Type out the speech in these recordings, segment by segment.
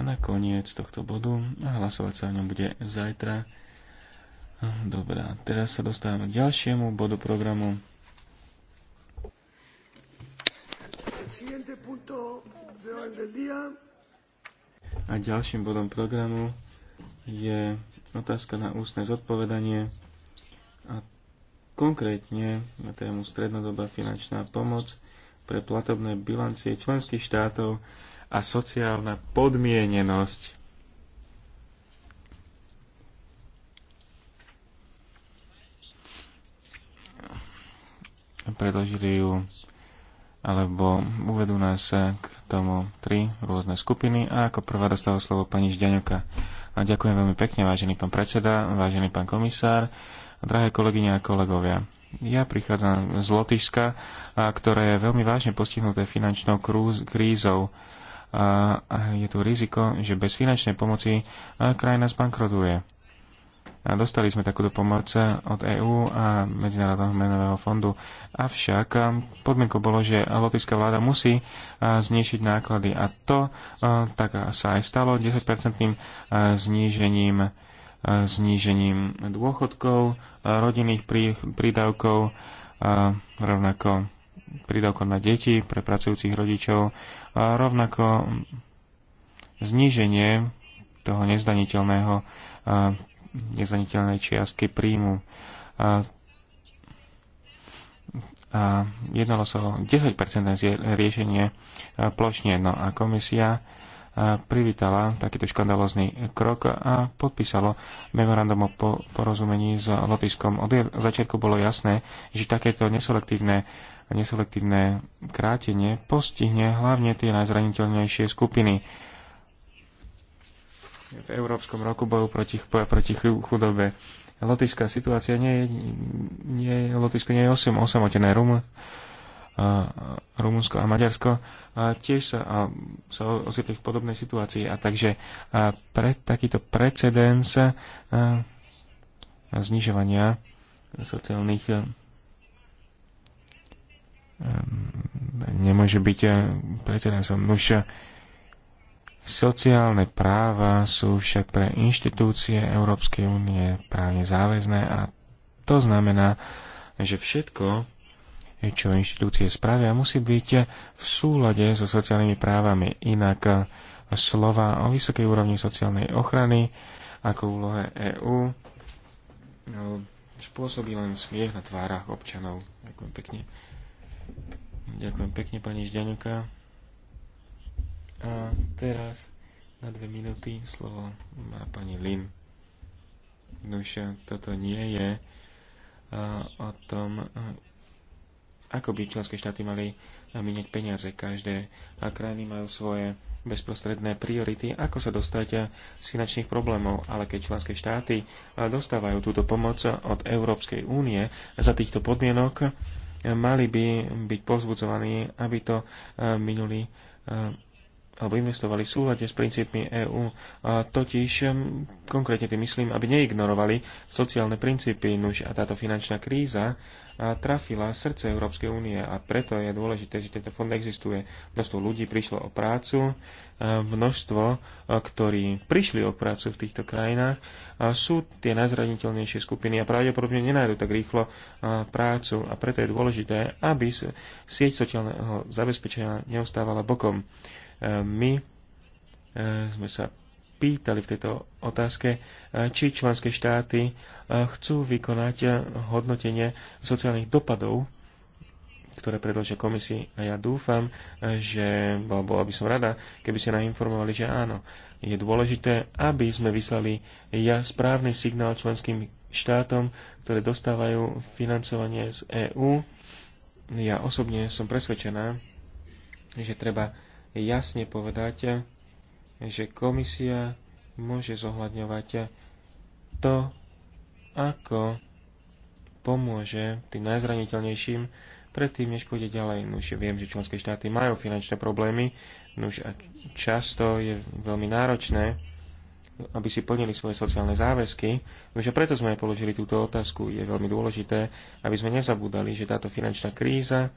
na koniec tohto bodu a hlasovať sa o ňom bude zajtra. Dobrá, teraz sa dostávame k ďalšiemu bodu programu. A ďalším bodom programu je otázka na ústne zodpovedanie a konkrétne na tému strednodobá finančná pomoc pre platobné bilancie členských štátov a sociálna podmienenosť. Predložili ju alebo uvedú nás k tomu tri rôzne skupiny a ako prvá dostala slovo pani Žďaňoka. A ďakujem veľmi pekne, vážený pán predseda, vážený pán komisár, drahé kolegyne a kolegovia. Ja prichádzam z Lotyšska, ktoré je veľmi vážne postihnuté finančnou krízou a je tu riziko, že bez finančnej pomoci e, krajina zbankrotuje. A dostali sme takúto pomoc od EÚ a Medzinárodného menového fondu. Avšak e, podmienkou bolo, že lotická vláda musí e, znišiť náklady a to tak sa aj stalo 10-percentným znížením znížením dôchodkov, rodinných prídavkov, rovnako prídavkom na deti pre pracujúcich rodičov a rovnako zníženie toho nezdaniteľného nezdaniteľnej čiastky príjmu. A, a jednalo sa o 10% riešenie plošne. No a komisia privítala takýto škandalozný krok a podpísalo memorandum o porozumení s Lotiskom. Od začiatku bolo jasné, že takéto neselektívne a neselektívne krátenie postihne hlavne tie najzraniteľnejšie skupiny. V Európskom roku boju proti, proti chudobe lotická situácia nie je, nie, Lotyšsko nie je osam, osamotené. Rum, Rumunsko a Maďarsko a tiež sa, a, sa ocitli v podobnej situácii. A takže a pre, takýto precedens a, a znižovania sociálnych nemôže byť eh, precedensom. Už eh, sociálne práva sú však pre inštitúcie Európskej únie právne záväzné a to znamená, že všetko, eh, čo inštitúcie spravia, musí byť v súlade so sociálnymi právami. Inak slova o vysokej úrovni sociálnej ochrany ako úlohe EÚ spôsobí len smiech na tvárach občanov. Ďakujem pekne. Ďakujem pekne, pani Žďanuka. A teraz na dve minúty slovo má pani Lin. Nuž, no eh, toto nie je eh, o tom, eh, ako by členské štáty mali miniať peniaze. Každé a krajiny majú svoje bezprostredné priority, ako sa dostať z finančných problémov. Ale keď členské štáty dostávajú túto pomoc od Európskej únie za týchto podmienok, mali by byť povzbudzovaní, aby to eh, minuli eh, alebo investovali v súlade s princípmi EÚ. A totiž, konkrétne tým myslím, aby neignorovali sociálne princípy, nuž a táto finančná kríza a trafila srdce Európskej únie a preto je dôležité, že tento fond existuje. Množstvo ľudí prišlo o prácu, množstvo, ktorí prišli o prácu v týchto krajinách, sú tie najzraniteľnejšie skupiny a pravdepodobne nenajdu tak rýchlo prácu a preto je dôležité, aby sieť sociálneho zabezpečenia neostávala bokom. My e, sme sa pýtali v tejto otázke, e, či členské štáty e, chcú vykonať hodnotenie sociálnych dopadov, ktoré predložia komisii. A ja dúfam, že, alebo bola by som rada, keby ste nám informovali, že áno. Je dôležité, aby sme vyslali ja správny signál členským štátom, ktoré dostávajú financovanie z EÚ. Ja osobne som presvedčená, že treba jasne povedať, že komisia môže zohľadňovať to, ako pomôže tým najzraniteľnejším predtým, než pôjde ďalej. No už viem, že členské štáty majú finančné problémy, no už a často je veľmi náročné, aby si plnili svoje sociálne záväzky. Už a preto sme položili túto otázku. Je veľmi dôležité, aby sme nezabúdali, že táto finančná kríza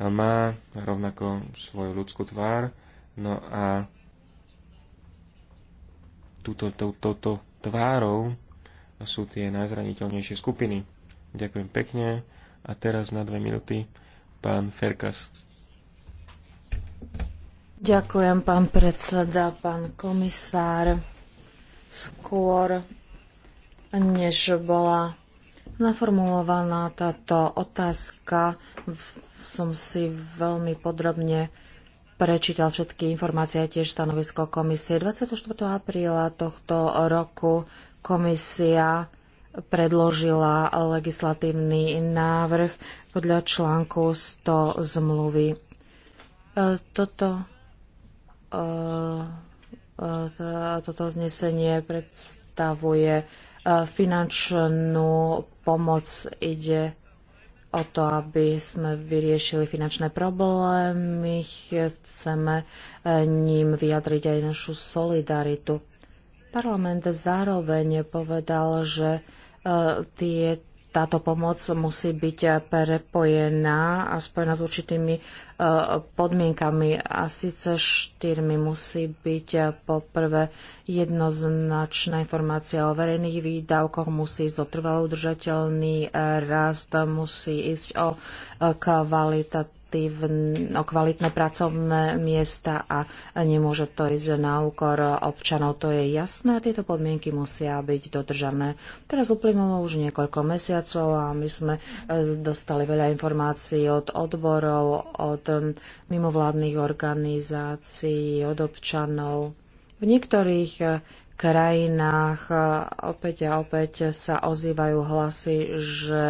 má rovnako svoju ľudskú tvár. No a túto, touto tú, tvárou sú tie najzraniteľnejšie skupiny. Ďakujem pekne. A teraz na dve minúty pán Ferkas. Ďakujem, pán predseda, pán komisár. Skôr, než bola naformulovaná táto otázka, som si veľmi podrobne prečítal všetky informácie a tiež stanovisko komisie. 24. apríla tohto roku komisia predložila legislatívny návrh podľa článku 100 zmluvy. E, toto, e, e, toto znesenie predstavuje finančnú pomoc, ide o to, aby sme vyriešili finančné problémy. Chceme eh, ním vyjadriť aj našu solidaritu. Parlament zároveň povedal, že eh, tieto táto pomoc musí byť prepojená a spojená s určitými eh, podmienkami. A síce štyrmi musí byť eh, poprvé jednoznačná informácia o verejných výdavkoch, musí ísť o trvalo udržateľný eh, rast, musí ísť o kvalitatívny o kvalitné pracovné miesta a nemôže to ísť na úkor občanov. To je jasné a tieto podmienky musia byť dodržané. Teraz uplynulo už niekoľko mesiacov a my sme e, dostali veľa informácií od odborov, od mimovládnych organizácií, od občanov. V niektorých e, krajinách e, opäť a opäť sa ozývajú hlasy, že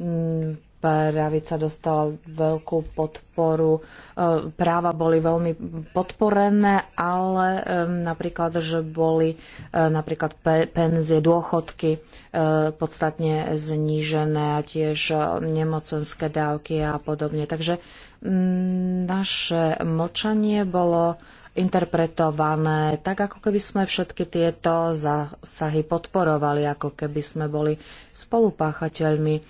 Mm, pravica dostala veľkú podporu. E, práva boli veľmi podporené, ale napríklad, že boli e, napríklad penzie, dôchodky e, podstatne znížené a tiež nemocenské dávky a podobne. Takže mm, naše mlčanie bolo interpretované tak, ako keby sme všetky tieto zásahy podporovali, ako keby sme boli spolupáchateľmi. E,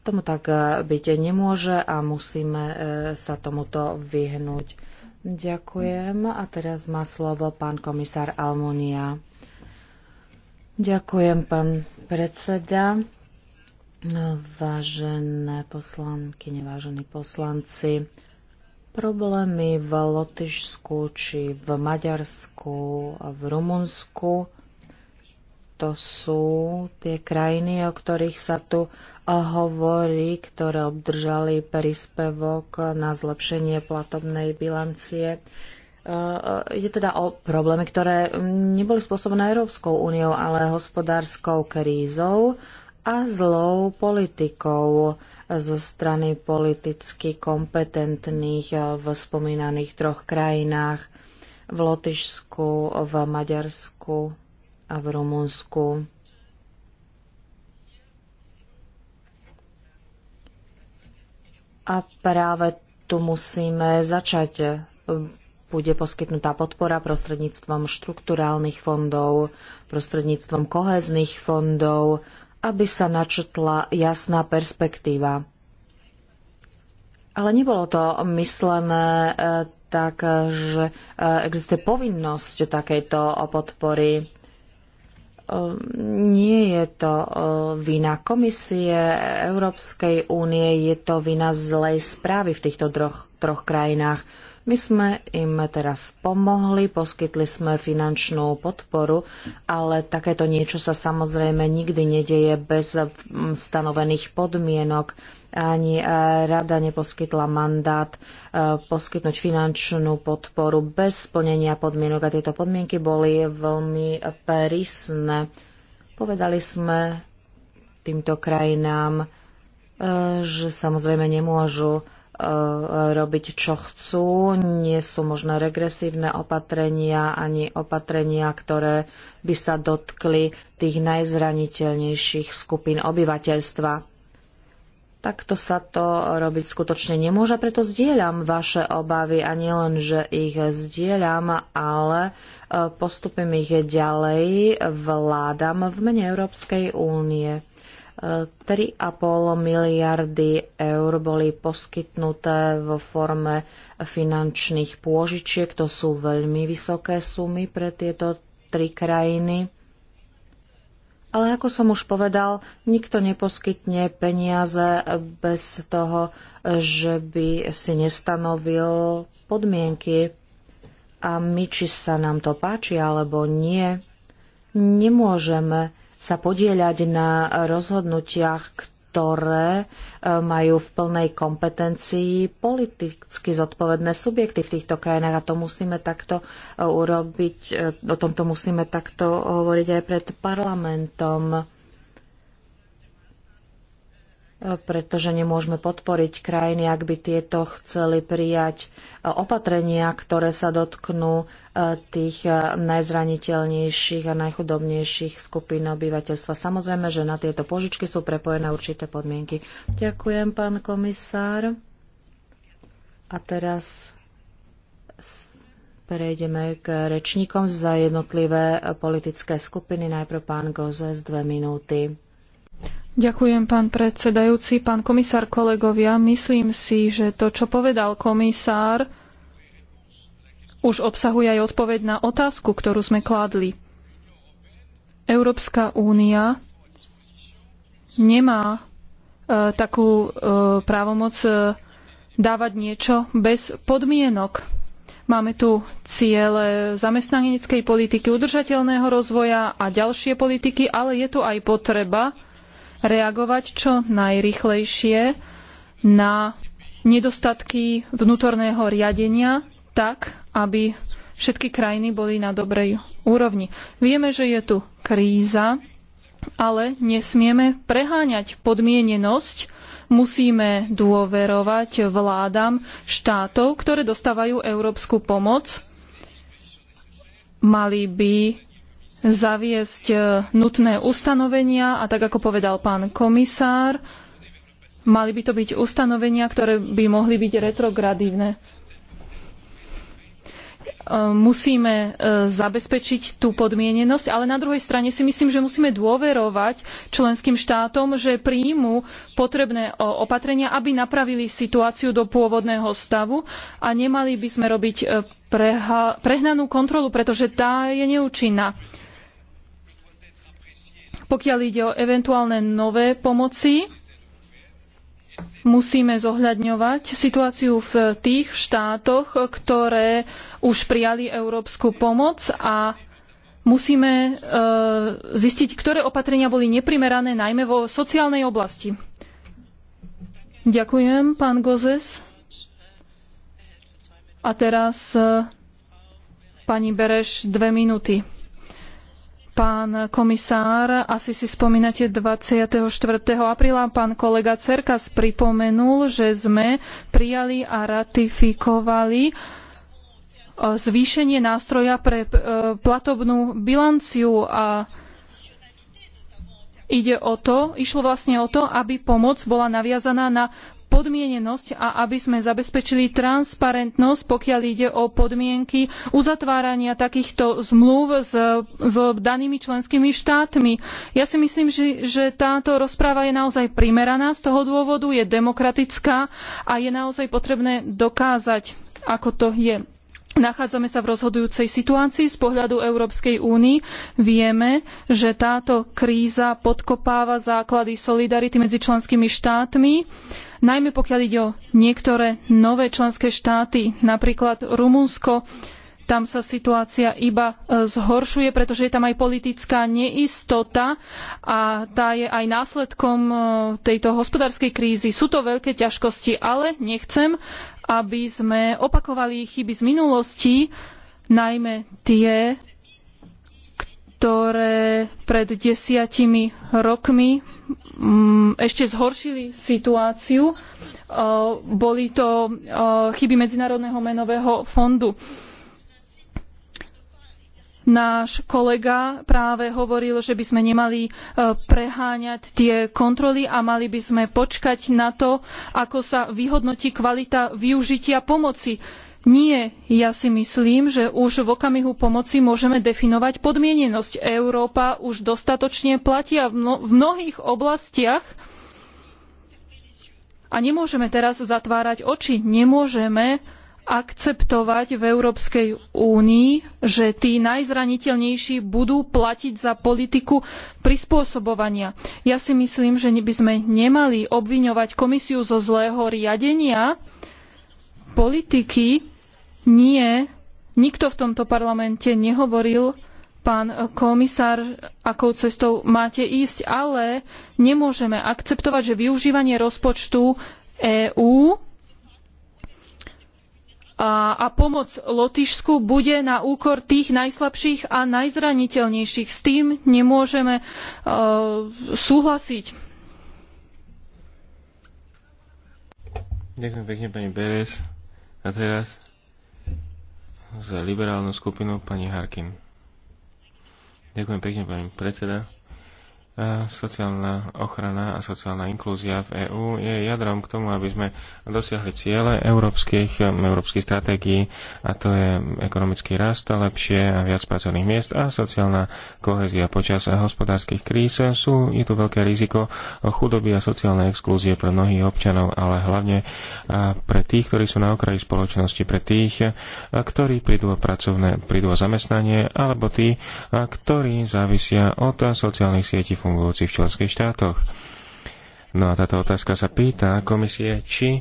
tomu tak e, byť nemôže a musíme e, sa tomuto vyhnúť. Ďakujem. A teraz má slovo pán komisár Almunia. Ďakujem, pán predseda. Vážené poslanky, nevážení poslanci, Problémy v Lotyšsku či v Maďarsku a v Rumunsku to sú tie krajiny, o ktorých sa tu hovorí, ktoré obdržali príspevok na zlepšenie platobnej bilancie. E, e, je teda o problémy, ktoré neboli spôsobené Európskou úniou, ale hospodárskou krízou a zlou politikou zo strany politicky kompetentných eh, v spomínaných troch krajinách v Lotyšsku, v Maďarsku a v Rumunsku. A práve tu musíme začať. Bude poskytnutá podpora prostredníctvom štrukturálnych fondov, prostredníctvom kohezných fondov, aby sa načetla jasná perspektíva. Ale nebolo to myslené e, tak, že e, existuje povinnosť takejto podpory. E, nie je to vina Komisie Európskej únie, je to vina zlej správy v týchto troch, troch krajinách my sme im teraz pomohli, poskytli sme finančnú podporu, ale takéto niečo sa samozrejme nikdy nedeje bez mm, stanovených podmienok. Ani e, rada neposkytla mandát e, poskytnúť finančnú podporu bez splnenia podmienok a tieto podmienky boli veľmi prísne. Povedali sme týmto krajinám, e, že samozrejme nemôžu Eh, robiť, čo chcú. Nie sú možné regresívne opatrenia ani opatrenia, ktoré by sa dotkli tých najzraniteľnejších skupín obyvateľstva. Takto sa to robiť skutočne nemôže, preto zdieľam vaše obavy a nielen, že ich zdieľam, ale eh, postupím ich ďalej vládam v mene Európskej únie. 3,5 miliardy eur boli poskytnuté vo forme finančných pôžičiek. To sú veľmi vysoké sumy pre tieto tri krajiny. Ale ako som už povedal, nikto neposkytne peniaze bez toho, že by si nestanovil podmienky. A my, či sa nám to páči alebo nie, nemôžeme sa podieľať na rozhodnutiach, ktoré e, majú v plnej kompetencii politicky zodpovedné subjekty v týchto krajinách a to musíme takto e, urobiť, e, o tomto musíme takto hovoriť aj pred parlamentom pretože nemôžeme podporiť krajiny, ak by tieto chceli prijať e, opatrenia, ktoré sa dotknú e, tých e, najzraniteľnejších a najchudobnejších skupín obyvateľstva. Samozrejme, že na tieto požičky sú prepojené určité podmienky. Ďakujem, pán komisár. A teraz prejdeme k rečníkom za jednotlivé politické skupiny. Najprv pán Goze z dve minúty. Ďakujem, pán predsedajúci, pán komisár, kolegovia. Myslím si, že to, čo povedal komisár, už obsahuje aj odpoveď na otázku, ktorú sme kládli. Európska únia nemá e, takú e, právomoc e, dávať niečo bez podmienok. Máme tu ciele zamestnaneckej politiky, udržateľného rozvoja a ďalšie politiky, ale je tu aj potreba reagovať čo najrychlejšie na nedostatky vnútorného riadenia tak, aby všetky krajiny boli na dobrej úrovni. Vieme, že je tu kríza, ale nesmieme preháňať podmienenosť. Musíme dôverovať vládam štátov, ktoré dostávajú európsku pomoc. Mali by zaviesť e, nutné ustanovenia a tak ako povedal pán komisár, mali by to byť ustanovenia, ktoré by mohli byť retrogradívne. E, musíme e, zabezpečiť tú podmienenosť, ale na druhej strane si myslím, že musíme dôverovať členským štátom, že príjmu potrebné opatrenia, aby napravili situáciu do pôvodného stavu a nemali by sme robiť prehnanú kontrolu, pretože tá je neúčinná. Pokiaľ ide o eventuálne nové pomoci, musíme zohľadňovať situáciu v tých štátoch, ktoré už prijali európsku pomoc a musíme e, zistiť, ktoré opatrenia boli neprimerané, najmä vo sociálnej oblasti. Ďakujem, pán Gozes. A teraz e, pani Bereš, dve minúty. Pán komisár, asi si spomínate 24. apríla, pán kolega Cerkas pripomenul, že sme prijali a ratifikovali e, zvýšenie nástroja pre e, platobnú bilanciu a ide o to, išlo vlastne o to, aby pomoc bola naviazaná na podmienenosť a aby sme zabezpečili transparentnosť, pokiaľ ide o podmienky uzatvárania takýchto zmluv s, s danými členskými štátmi. Ja si myslím, že, že táto rozpráva je naozaj primeraná z toho dôvodu, je demokratická a je naozaj potrebné dokázať, ako to je. Nachádzame sa v rozhodujúcej situácii z pohľadu Európskej únie. Vieme, že táto kríza podkopáva základy solidarity medzi členskými štátmi najmä pokiaľ ide o niektoré nové členské štáty, napríklad Rumunsko, tam sa situácia iba e, zhoršuje, pretože je tam aj politická neistota a tá je aj následkom e, tejto hospodárskej krízy. Sú to veľké ťažkosti, ale nechcem, aby sme opakovali chyby z minulosti, najmä tie, ktoré pred desiatimi rokmi Mm, ešte zhoršili situáciu. E, boli to e, chyby Medzinárodného menového fondu. Náš kolega práve hovoril, že by sme nemali e, preháňať tie kontroly a mali by sme počkať na to, ako sa vyhodnotí kvalita využitia pomoci nie, ja si myslím, že už v okamihu pomoci môžeme definovať podmienenosť. Európa už dostatočne platí a v mnohých oblastiach a nemôžeme teraz zatvárať oči, nemôžeme akceptovať v Európskej únii, že tí najzraniteľnejší budú platiť za politiku prispôsobovania. Ja si myslím, že by sme nemali obviňovať komisiu zo zlého riadenia, politiky nie, nikto v tomto parlamente nehovoril, pán komisár, akou cestou máte ísť, ale nemôžeme akceptovať, že využívanie rozpočtu EÚ a, a pomoc Lotyšsku bude na úkor tých najslabších a najzraniteľnejších. S tým nemôžeme uh, súhlasiť. Ďakujem pekne, pani Beres. A teraz za liberálnu skupinu pani Harkin. Ďakujem pekne, pani predseda sociálna ochrana a sociálna inklúzia v EÚ je jadrom k tomu, aby sme dosiahli ciele európskych, európskych stratégií a to je ekonomický rast, lepšie a viac pracovných miest a sociálna kohezia počas hospodárskych kríz. Sú, je tu veľké riziko chudoby a sociálnej exklúzie pre mnohých občanov, ale hlavne pre tých, ktorí sú na okraji spoločnosti, pre tých, ktorí prídu o pracovné, prídu o zamestnanie alebo tí, ktorí závisia od sociálnych sietí fungujúcich členských štátoch. No a táto otázka sa pýta komisie, či e,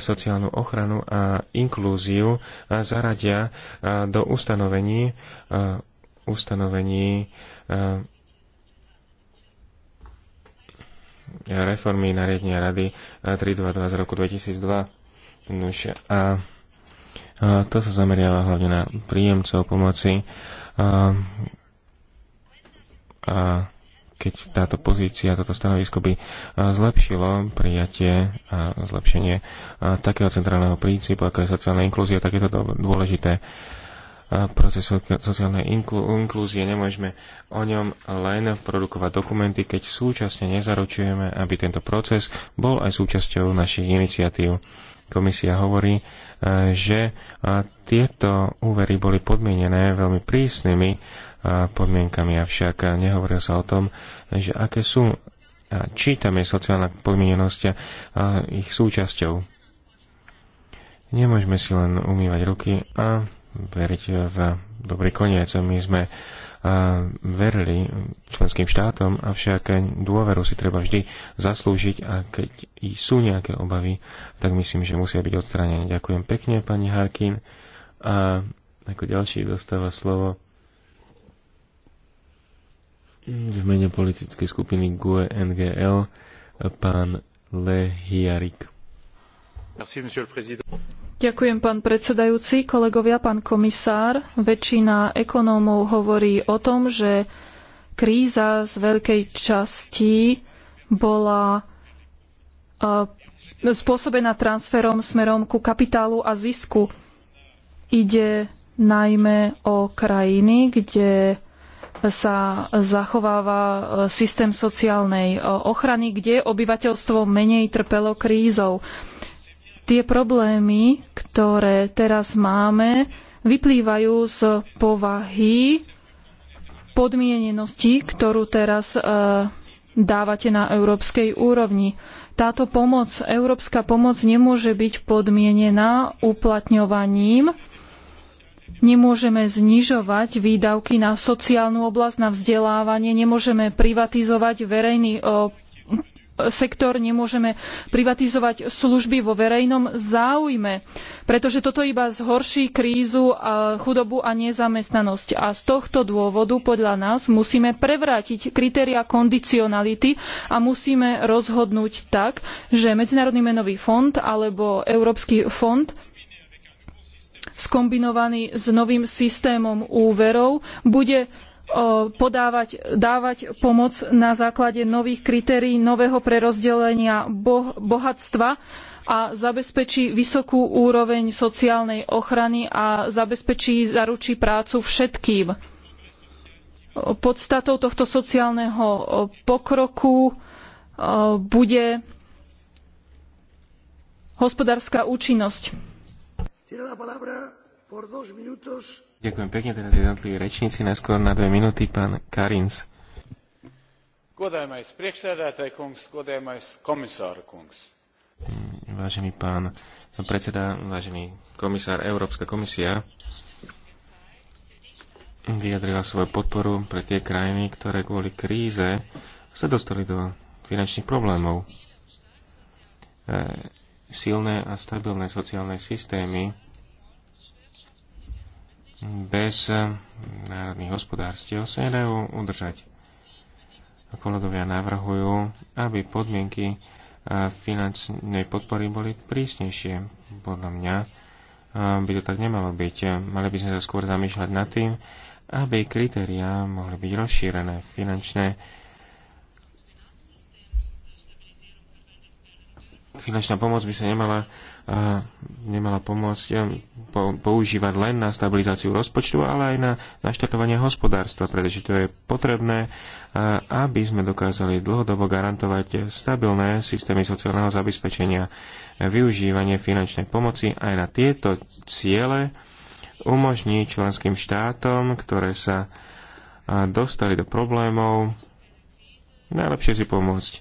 sociálnu ochranu a inklúziu e, zaradia e, do ustanovení, ustanovení reformy nariadenia Rady 322 z roku 2002. a to sa zameriava hlavne na príjemcov pomoci a, a keď táto pozícia, toto stanovisko by e, zlepšilo prijatie a zlepšenie e, takého centrálneho princípu, ako je sociálna inklúzia, tak je to dôležité. E, proces sociálnej inklúzie nemôžeme o ňom len produkovať dokumenty, keď súčasne nezaručujeme, aby tento proces bol aj súčasťou našich iniciatív. Komisia hovorí, že tieto úvery boli podmienené veľmi prísnymi podmienkami. Avšak nehovoril sa o tom, že aké sú a či tam je sociálna podmienenosť a ich súčasťou. Nemôžeme si len umývať ruky a veriť v dobrý koniec. My sme verili členským štátom, avšak dôveru si treba vždy zaslúžiť a keď sú nejaké obavy, tak myslím, že musia byť odstránené. Ďakujem pekne, pani Harkin. A ako ďalší dostáva slovo v mene politickej skupiny GUE NGL pán Le Hiarik. Ďakujem, pán predsedajúci, kolegovia, pán komisár. Väčšina ekonómov hovorí o tom, že kríza z veľkej časti bola spôsobená transferom smerom ku kapitálu a zisku. Ide najmä o krajiny, kde sa zachováva e, systém sociálnej e, ochrany, kde obyvateľstvo menej trpelo krízou. Tie problémy, ktoré teraz máme, vyplývajú z povahy podmienenosti, ktorú teraz e, dávate na európskej úrovni. Táto pomoc, európska pomoc nemôže byť podmienená uplatňovaním Nemôžeme znižovať výdavky na sociálnu oblasť, na vzdelávanie, nemôžeme privatizovať verejný sektor, nemôžeme privatizovať služby vo verejnom záujme, pretože toto iba zhorší krízu, a chudobu a nezamestnanosť. A z tohto dôvodu podľa nás musíme prevrátiť kritéria kondicionality a musíme rozhodnúť tak, že Medzinárodný menový fond alebo Európsky fond skombinovaný s novým systémom úverov, bude podávať, dávať pomoc na základe nových kritérií nového prerozdelenia bohatstva a zabezpečí vysokú úroveň sociálnej ochrany a zabezpečí, zaručí prácu všetkým. Podstatou tohto sociálneho pokroku bude hospodárska účinnosť Ďakujem pekne, teraz jednotliví rečníci, najskôr na dve minúty, pán Karins. priekšsēdētāj kungs, komisāra kungs. Vážený pán predseda, vážený komisár, Európska komisia vyjadrila svoju podporu pre tie krajiny, ktoré kvôli kríze sa dostali do finančných problémov. E silné a stabilné sociálne systémy bez národných hospodárstiev sa nedajú udržať. Kolegovia navrhujú, aby podmienky finančnej podpory boli prísnejšie. Podľa mňa by to tak nemalo byť. Mali by sme sa skôr zamýšľať nad tým, aby kritériá mohli byť rozšírené. Finančné finančná pomoc by sa nemala, nemala pomôcť um, používať len na stabilizáciu rozpočtu, ale aj na naštartovanie hospodárstva, pretože to je potrebné, aby sme dokázali dlhodobo garantovať stabilné systémy sociálneho zabezpečenia. Využívanie finančnej pomoci aj na tieto ciele umožní členským štátom, ktoré sa dostali do problémov, najlepšie si pomôcť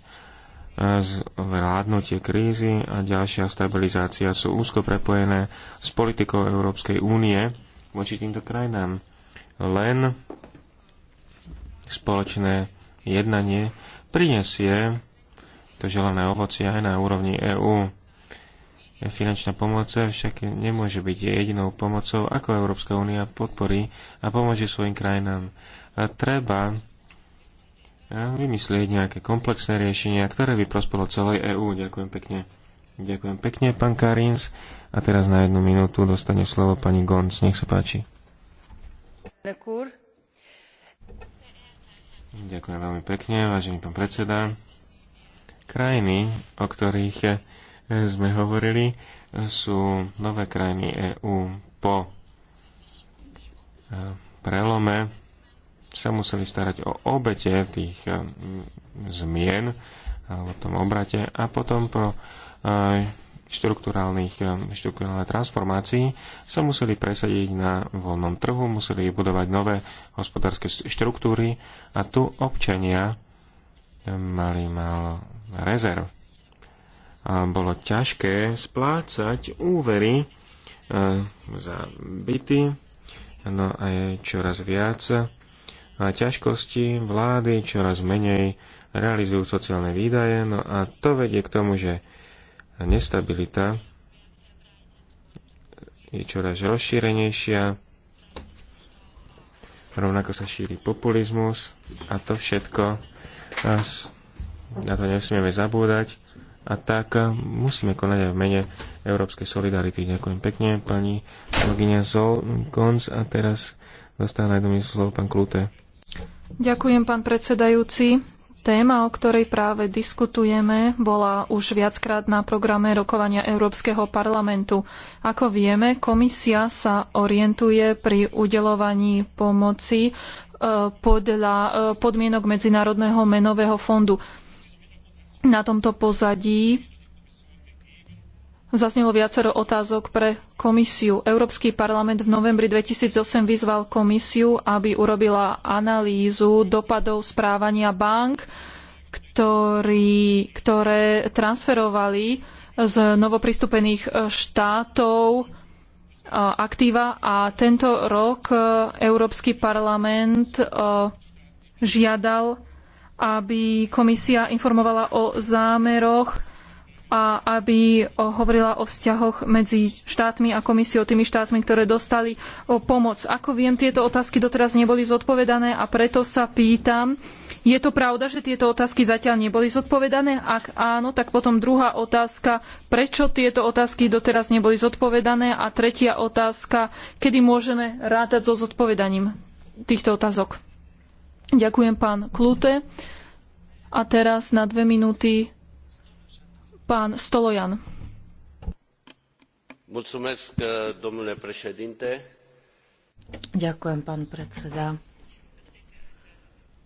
zvládnutie krízy a ďalšia stabilizácia sú úzko prepojené s politikou Európskej únie voči týmto krajinám. Len spoločné jednanie prinesie to želané ovoci aj na úrovni EÚ. Finančná pomoc však nemôže byť jedinou pomocou, ako Európska únia podporí a pomôže svojim krajinám. A treba vymyslieť nejaké komplexné riešenia, ktoré by prospelo celej EÚ. Ďakujem pekne. Ďakujem pekne, pán Karins. A teraz na jednu minútu dostane slovo pani Gonc. Nech sa páči. Ďakujem veľmi pekne, vážený pán predseda. Krajiny, o ktorých eh, sme hovorili, sú nové krajiny EÚ po eh, prelome sa museli starať o obete tých eh, zmien alebo eh, tom obrate a potom po eh, štruktúrálnych, štruktúrálnej transformácii sa museli presadiť na voľnom trhu, museli budovať nové hospodárske štruktúry a tu občania mali mal rezerv. A bolo ťažké splácať úvery e, za byty, no a je čoraz viac a ťažkosti vlády čoraz menej realizujú sociálne výdaje, no a to vedie k tomu, že nestabilita je čoraz rozšírenejšia, rovnako sa šíri populizmus a to všetko nás, na to nesmieme zabúdať a tak musíme konať aj v mene Európskej solidarity. Ďakujem pekne, pani kolegyňa Zol a teraz dostáva na jednu slovo pán Klute. Ďakujem, pán predsedajúci. Téma, o ktorej práve diskutujeme, bola už viackrát na programe rokovania Európskeho parlamentu. Ako vieme, komisia sa orientuje pri udelovaní pomoci e, podľa e, podmienok Medzinárodného menového fondu. Na tomto pozadí Zaznelo viacero otázok pre komisiu. Európsky parlament v novembri 2008 vyzval komisiu, aby urobila analýzu dopadov správania bank, ktorý, ktoré transferovali z novopristúpených štátov aktíva a tento rok Európsky parlament žiadal, aby komisia informovala o zámeroch a aby hovorila o vzťahoch medzi štátmi a komisiou, tými štátmi, ktoré dostali pomoc. Ako viem, tieto otázky doteraz neboli zodpovedané a preto sa pýtam, je to pravda, že tieto otázky zatiaľ neboli zodpovedané? Ak áno, tak potom druhá otázka, prečo tieto otázky doteraz neboli zodpovedané? A tretia otázka, kedy môžeme rátať so zodpovedaním týchto otázok? Ďakujem pán Klute. A teraz na dve minúty pán Stolojan. Mulțumesc, domnule președinte. Ďakujem, pán predseda.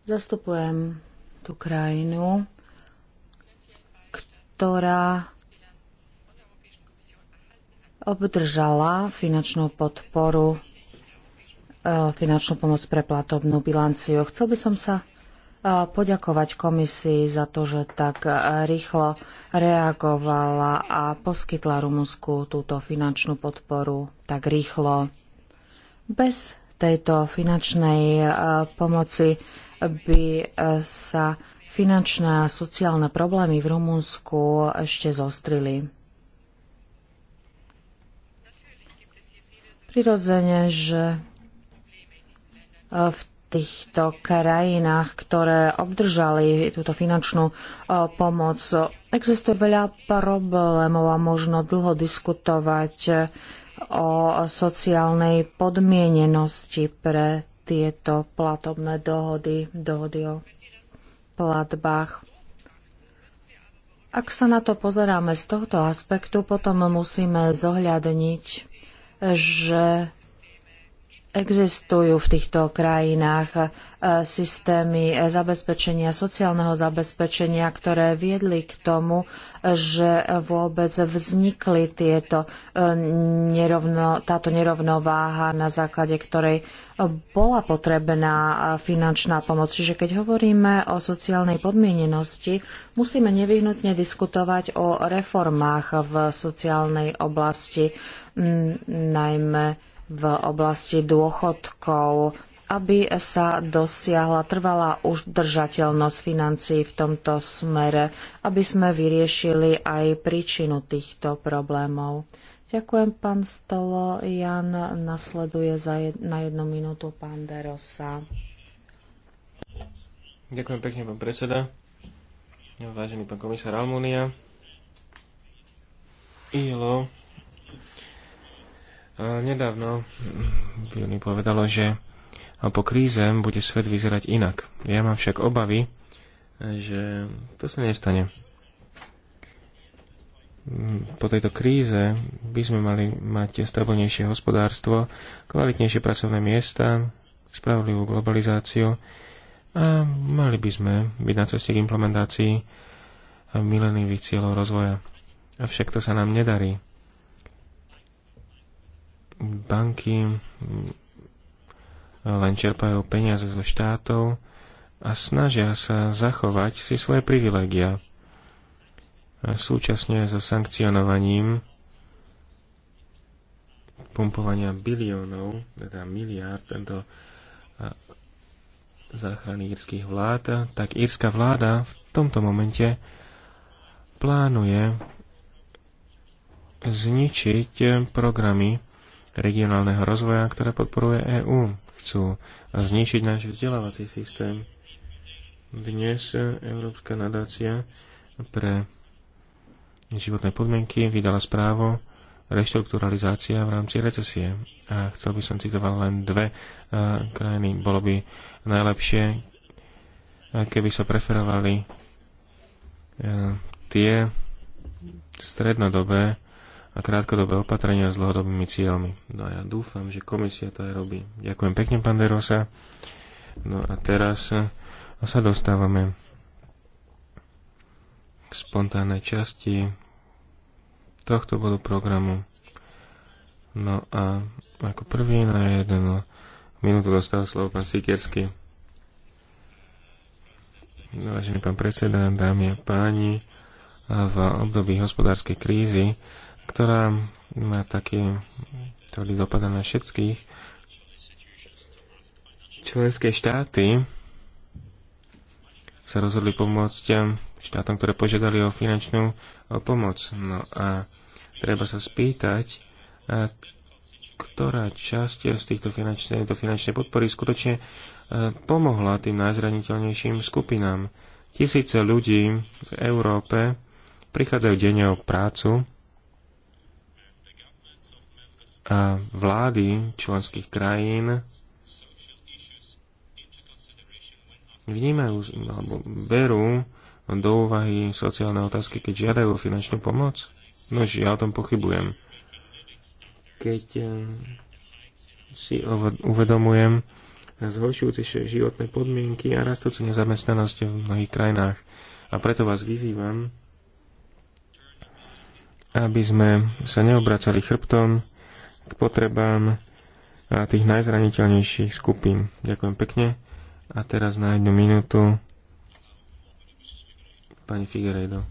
Zastupujem tú krajinu, ktorá obdržala finančnú podporu, e, finančnú pomoc pre platobnú bilanciu. Chcel by som sa poďakovať komisii za to, že tak e, rýchlo reagovala a poskytla Rumunsku túto finančnú podporu tak rýchlo. Bez tejto finančnej e, pomoci by e, sa finančné a sociálne problémy v Rumunsku ešte zostrili. Prirodzene, že v týchto krajinách, ktoré obdržali túto finančnú e, pomoc. Existuje veľa problémov a možno dlho diskutovať e, o sociálnej podmienenosti pre tieto platobné dohody, dohody o platbách. Ak sa na to pozeráme z tohto aspektu, potom musíme zohľadniť, že Existujú v týchto krajinách e, systémy zabezpečenia, sociálneho zabezpečenia, ktoré viedli k tomu, že vôbec vznikli tieto e, nerovno, táto nerovnováha, na základe ktorej bola potrebná finančná pomoc. Čiže keď hovoríme o sociálnej podmienenosti, musíme nevyhnutne diskutovať o reformách v sociálnej oblasti, najmä v oblasti dôchodkov, aby sa dosiahla trvalá udržateľnosť financií v tomto smere, aby sme vyriešili aj príčinu týchto problémov. Ďakujem, pán Stolo. Jan nasleduje za jed- na jednu minútu pán Derosa. Ďakujem pekne, pán predseda. Vážený pán komisár Almunia. ILO Nedávno by mi povedalo, že po kríze bude svet vyzerať inak. Ja mám však obavy, že to sa nestane. Po tejto kríze by sme mali mať stabilnejšie hospodárstvo, kvalitnejšie pracovné miesta, spravodlivú globalizáciu a mali by sme byť na ceste k implementácii milených cieľov rozvoja. Avšak to sa nám nedarí banky mm, len čerpajú peniaze zo štátov a snažia sa zachovať si svoje privilegia. A súčasne so sankcionovaním pumpovania biliónov, teda miliárd do záchrany írskych vlád, tak írska vláda v tomto momente plánuje zničiť programy regionálneho rozvoja, ktoré podporuje EÚ. Chcú zničiť náš vzdelávací systém. Dnes Európska nadácia pre životné podmienky vydala správo reštrukturalizácia v rámci recesie. A chcel by som citovať len dve krajiny. Bolo by najlepšie, keby sa so preferovali tie strednodobé a krátkodobé opatrenia s dlhodobými cieľmi. No a ja dúfam, že komisia to aj robí. Ďakujem pekne, pán Derosa. No a teraz eh, sa dostávame k spontánnej časti tohto bodu programu. No a ako prvý na jednu minútu dostal slovo pán Sikersky. Vážený pán predseda, dámy a páni, v období hospodárskej krízy ktorá má taký, ktorý dopadá na všetkých členské štáty sa rozhodli pomôcť štátom, ktoré požiadali o finančnú pomoc. No a treba sa spýtať, ktorá časť z týchto finančnej, tejto finančnej podpory skutočne pomohla tým najzraniteľnejším skupinám. Tisíce ľudí v Európe prichádzajú denne o prácu, vlády členských krajín vnímajú alebo berú do úvahy sociálne otázky, keď žiadajú o finančnú pomoc? No, ja o tom pochybujem. Keď eh, si uvedomujem zhoršujúce životné podmienky a rastúcu nezamestnanosť v mnohých krajinách. A preto vás vyzývam, aby sme sa neobracali chrbtom k potrebám tých najzraniteľnejších skupín. Ďakujem pekne. A teraz na jednu minútu pani Figueiredo.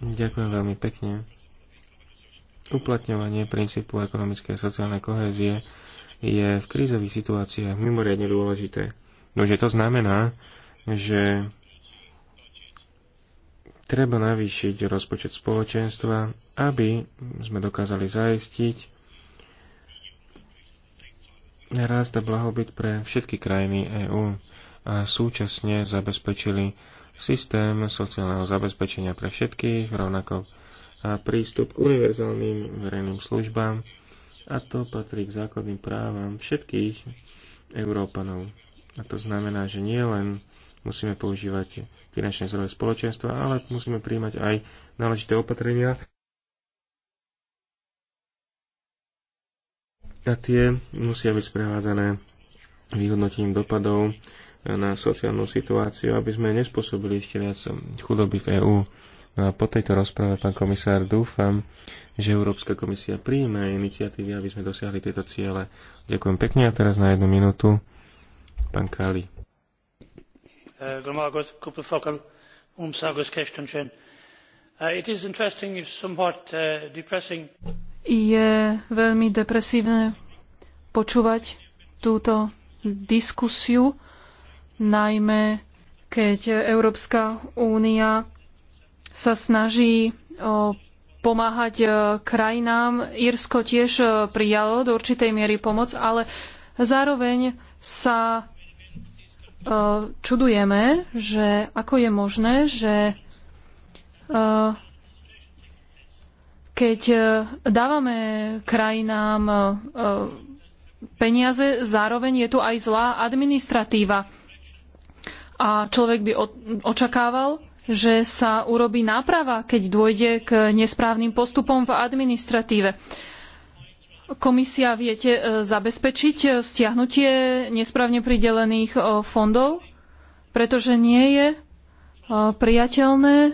Ďakujem veľmi pekne. Uplatňovanie princípu ekonomickej a sociálnej kohézie je v krízových situáciách mimoriadne dôležité. Nože to znamená, že treba navýšiť rozpočet spoločenstva, aby sme dokázali zaistiť rast a blahobyt pre všetky krajiny EÚ a súčasne zabezpečili systém sociálneho zabezpečenia pre všetkých, rovnako a prístup k univerzálnym verejným službám a to patrí k základným právam všetkých Európanov. A to znamená, že nie len Musíme používať finančné zdroje spoločenstva, ale musíme príjmať aj náležité opatrenia. A tie musia byť sprevádzané vyhodnotením dopadov na sociálnu situáciu, aby sme nespôsobili ešte viac chudoby v EÚ. No a po tejto rozprave, pán komisár, dúfam, že Európska komisia príjme iniciatívy, aby sme dosiahli tieto ciele. Ďakujem pekne a teraz na jednu minútu pán Kali. Uh, uh, it is interesting if somewhat uh, depressing je veľmi depresívne počúvať túto diskusiu, najmä keď Európska únia sa snaží pomáhať e, krajinám. Írsko tiež e, prijalo do určitej miery pomoc, ale zároveň sa E, čudujeme, že ako je možné, že e, keď e, dávame krajinám peniaze, zároveň je tu aj zlá administratíva. A človek by očakával, že sa urobí náprava, keď dôjde k nesprávnym postupom v administratíve. Uh, komisia viete e, zabezpečiť e, stiahnutie nesprávne pridelených e, fondov, pretože nie je prijateľné,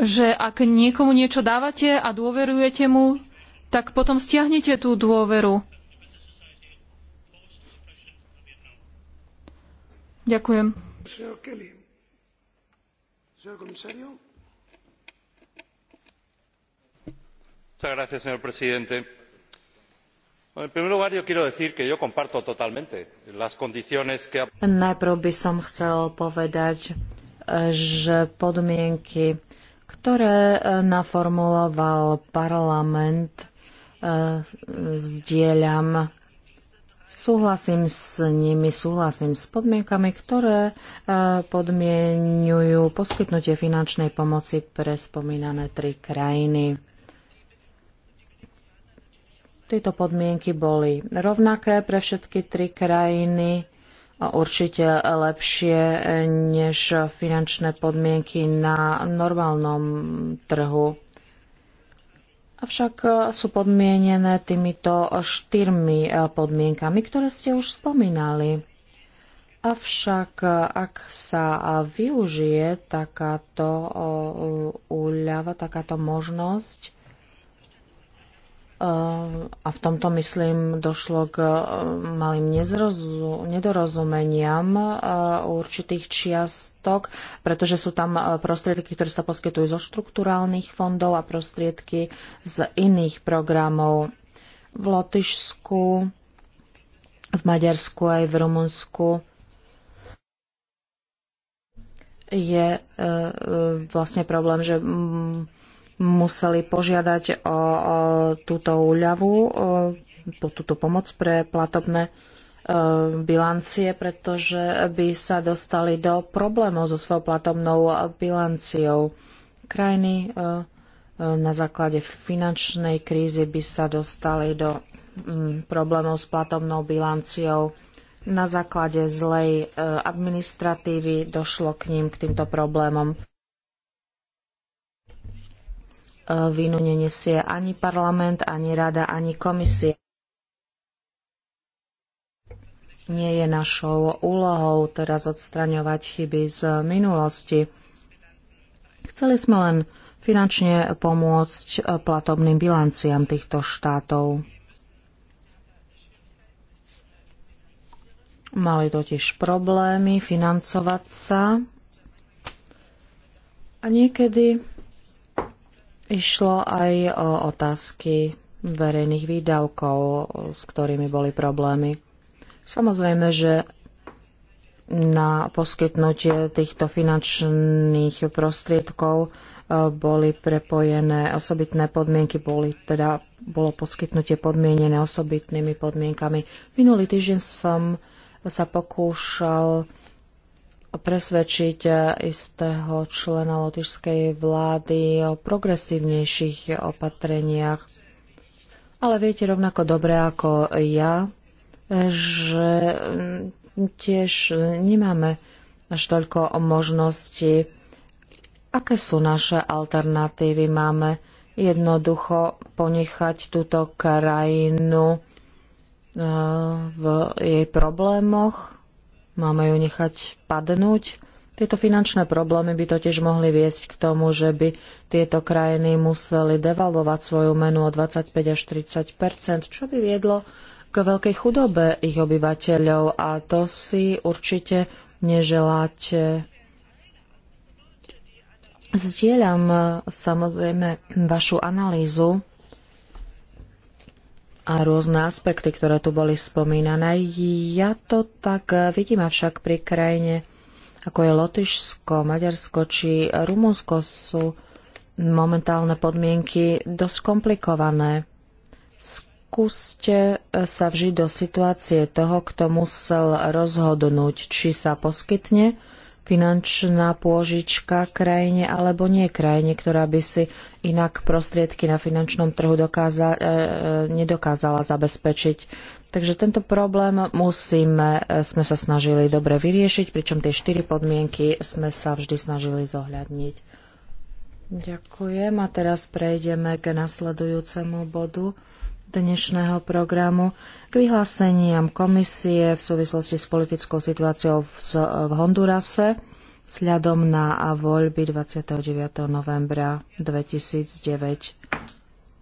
že ak niekomu niečo dávate a dôverujete mu, tak potom stiahnete tú dôveru. Ďakujem. señor presidente en primer lugar yo quiero decir que yo comparto totalmente las condiciones que ha. najprv by som chcel povedať eh, že podmienky ktoré eh, naformuloval parlament eh, zdieľam súhlasím s nimi, súhlasím s podmienkami, ktoré podmienujú poskytnutie finančnej pomoci pre spomínané tri krajiny. Tieto podmienky boli rovnaké pre všetky tri krajiny, určite lepšie než finančné podmienky na normálnom trhu. Avšak sú podmienené týmito štyrmi podmienkami, ktoré ste už spomínali. Avšak ak sa využije takáto uh, úľava, takáto možnosť, a v tomto, myslím, došlo k e, malým nedorozumeniam e, určitých čiastok, pretože sú tam e, prostriedky, ktoré sa poskytujú zo štruktúrálnych fondov a prostriedky z iných programov. V Lotyšsku, v Maďarsku aj v Rumunsku je vlastne problém, že museli požiadať o, túto úľavu, o túto pomoc pre platobné e, bilancie, pretože by sa dostali do problémov so svojou platobnou bilanciou. Krajiny e, e, na základe finančnej krízy by sa dostali do problémov s platobnou bilanciou. Na základe zlej administratívy došlo k ním, k týmto problémom. E, vinu nenesie ani parlament, ani rada, ani komisia. Nie je našou úlohou teraz odstraňovať chyby z minulosti. Chceli sme len finančne pomôcť e, platobným bilanciám týchto štátov. Mali totiž problémy financovať sa a niekedy Išlo aj o otázky verejných výdavkov, s ktorými boli problémy. Samozrejme, že na poskytnutie týchto finančných prostriedkov e, boli prepojené osobitné podmienky, boli teda, bolo poskytnutie podmienené osobitnými podmienkami. Minulý týždeň som sa pokúšal presvedčiť e, istého člena lotyšskej vlády o progresívnejších opatreniach. Ale viete rovnako dobre ako ja, že tiež nemáme až toľko možností. Aké sú naše alternatívy? Máme jednoducho ponechať túto krajinu e, v jej problémoch? Máme ju nechať padnúť? Tieto finančné problémy by totiž mohli viesť k tomu, že by tieto krajiny museli devalvovať svoju menu o 25 až 30 čo by viedlo k veľkej chudobe ich obyvateľov a to si určite neželáte. Zdieľam samozrejme vašu analýzu a rôzne aspekty, ktoré tu boli spomínané. Ja to tak eh, vidím avšak pri krajine, ako je Lotyšsko, Maďarsko či Rumunsko, sú momentálne podmienky dosť komplikované. Skúste eh, sa vžiť do situácie toho, kto musel rozhodnúť, či sa poskytne finančná pôžička krajine alebo nie krajine, ktorá by si inak prostriedky na finančnom trhu dokáza, e, e nedokázala zabezpečiť. Takže tento problém musíme, e, sme sa snažili dobre vyriešiť, pričom tie štyri podmienky sme sa vždy snažili zohľadniť. Ďakujem a teraz prejdeme k nasledujúcemu bodu dnešného programu k vyhláseniam komisie v súvislosti s politickou situáciou v Hondurase sľadom na voľby 29. novembra 2009.